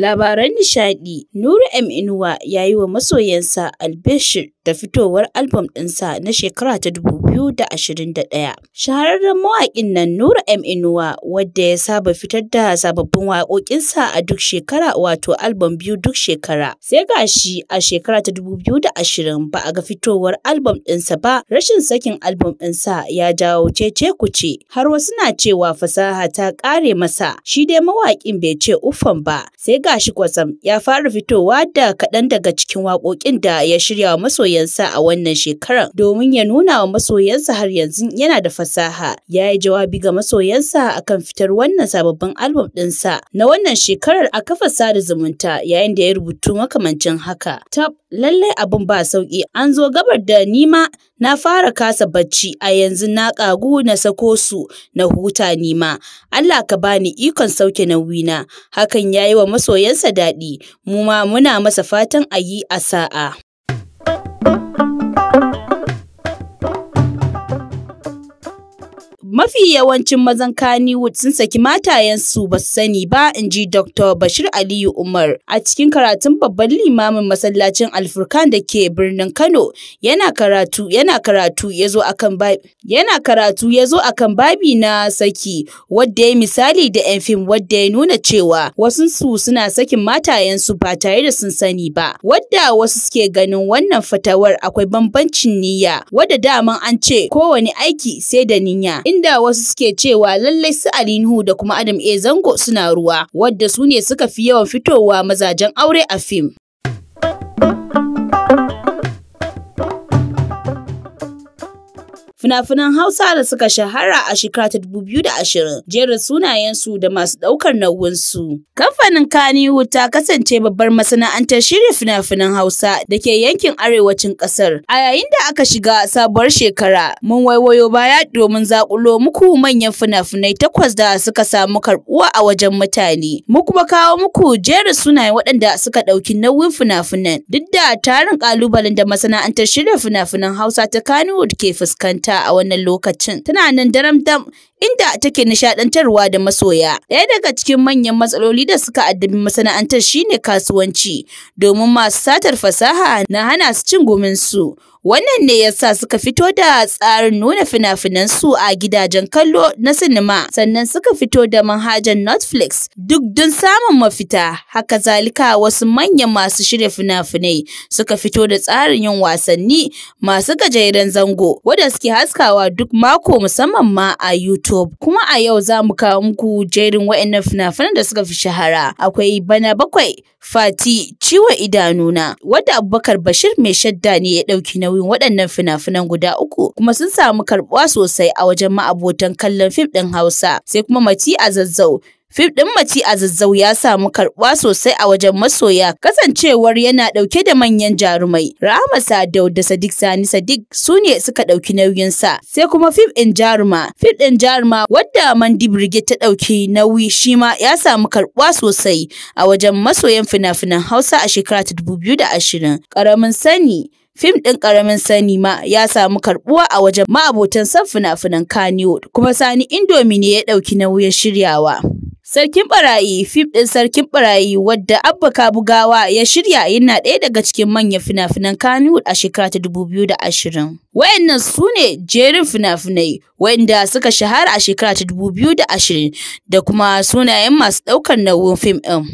Labaran nishaɗi Nura M Inuwa ya yi wa masoyansa albishir da fitowar albam ɗinsa na shekara ta 2021. Shahararren mawaƙin nan Nura M. Inuwa wadda ya saba fitar da sababbin waƙoƙinsa a duk shekara wato albam biyu duk shekara. Sai ga shi a shekara ta 2020 ba a ga fitowar albam ɗinsa ba rashin sakin albam ɗinsa ya jawo cece kuce har wasu na cewa fasaha ta ƙare masa shi dai mawaƙin bai ce uffan ba sai gashi kwatsam ya fara fitowa da kaɗan daga cikin waƙoƙin da ya shirya wa masoyan yansa a wannan shekarar domin ya nuna wa masoyansa har yanzu yana da fasaha. Ya yi jawabi ga masoyansa akan fitar wannan sababbin album ɗinsa na wannan shekarar a kafa sada zumunta yayin da ya rubutu makamancin haka. Tab lallai abun ba sauki an zo gabar da nima na fara kasa bacci a yanzu na kagu na sako su na huta nima Allah ka bani ikon sauke nauyina hakan yayi wa masoyansa daɗi mu ma muna masa fatan a yi a sa'a Mafi yawancin mazan Kannywood sun saki matayensu ba su sani ba, in ji Dr. Bashir Aliyu Umar a cikin karatun babban limamin masallacin Alfurkan da ke birnin Kano. Yana karatu yana karatu ya zo akan babi yana karatu ya akan babi na saki wadda ya misali da yan fim wadda ya nuna cewa wasu su suna sakin matayensu ba tare da sun sani ba. Wadda wasu suke ganin wannan fatawar akwai bambancin niyya wadda daman an ce kowane aiki sai da niyya inda A wasu suke cewa lallai su Ali da kuma Adam A Zango suna ruwa, wadda su ne suka fi yawan fitowa mazajen aure a fim. fina-finan Hausa da suka shahara a shekara ta 2020 jerin sunayensu da masu ɗaukar nauyinsu. Kamfanin Kaniwu ta kasance babbar masana'antar shirya fina-finan Hausa da ke yankin arewacin ƙasar. A yayin da aka shiga sabuwar shekara, mun waiwayo baya domin zaƙulo muku manyan fina-finai takwas da suka samu karɓuwa a wajen mutane. Mu kuma kawo muku jera sunayen waɗanda suka ɗauki nauyin fina-finan duk da tarin ƙalubalen da masana'antar shirya fina-finan Hausa ta Kaniwu ke fuskanta. a wannan lokacin. Tana nan daram dam inda take nishadantarwa da masoya. Ɗaya daga cikin manyan matsaloli da suka addabi masana'antar shine kasuwanci, domin masu satar fasaha na hana su cin gumin su Wannan ne yasa suka fito da tsarin nuna fina-finansu a gidajen kallo na sinima, sannan suka fito da manhajar Netflix duk don samun mafita. Haka zalika wasu manyan masu shirya fina-finai suka fito da tsarin yin wasanni masu gajeren zango, wadda suke haskawa duk mako musamman ma a YouTube. YouTube. Kuma a yau za mu kawo muku jerin wa'annan fina-finan da suka fi shahara. Akwai bana bakwai Fati ciwon idanuna wadda Abubakar Bashir mai shadda ne ya ɗauki nauyin waɗannan fina-finan guda uku kuma sun samu karɓuwa sosai a wajen ma'abotan kallon fim ɗin Hausa. Sai kuma Mati a zazzau Fim ɗin maci a zazzau ya samu karɓuwa sosai a wajen masoya kasancewar yana ɗauke da manyan jarumai. Rahama Sadau da Sadiq Sani Sadiq su ne suka ɗauki nauyin sa. Sai kuma fim ɗin Jaruma. Fim ɗin Jaruma wadda Mandi Brigade ta ɗauki nauyi shi ma ya samu karɓuwa sosai a wajen masoyan fina-finan Hausa a shekara ta dubu biyu da ashirin Ƙaramin sani fim ɗin ƙaramin sani ma ya samu karɓuwa a wajen ma'abotan san fina-finan kaniwood kuma sani indomi ne ya ɗauki nauyin shiryawa Sarkin Barayi fim ɗin Sarkin Barayi wadda Abba Kabugawa ya shirya yana ɗaya daga cikin manyan fina-finan a shekara ta 2020. Wayannan su ne jerin fina-finai wayanda suka shahara a shekara ta 2020 da kuma sunayen masu ɗaukar nauyin fim ɗin.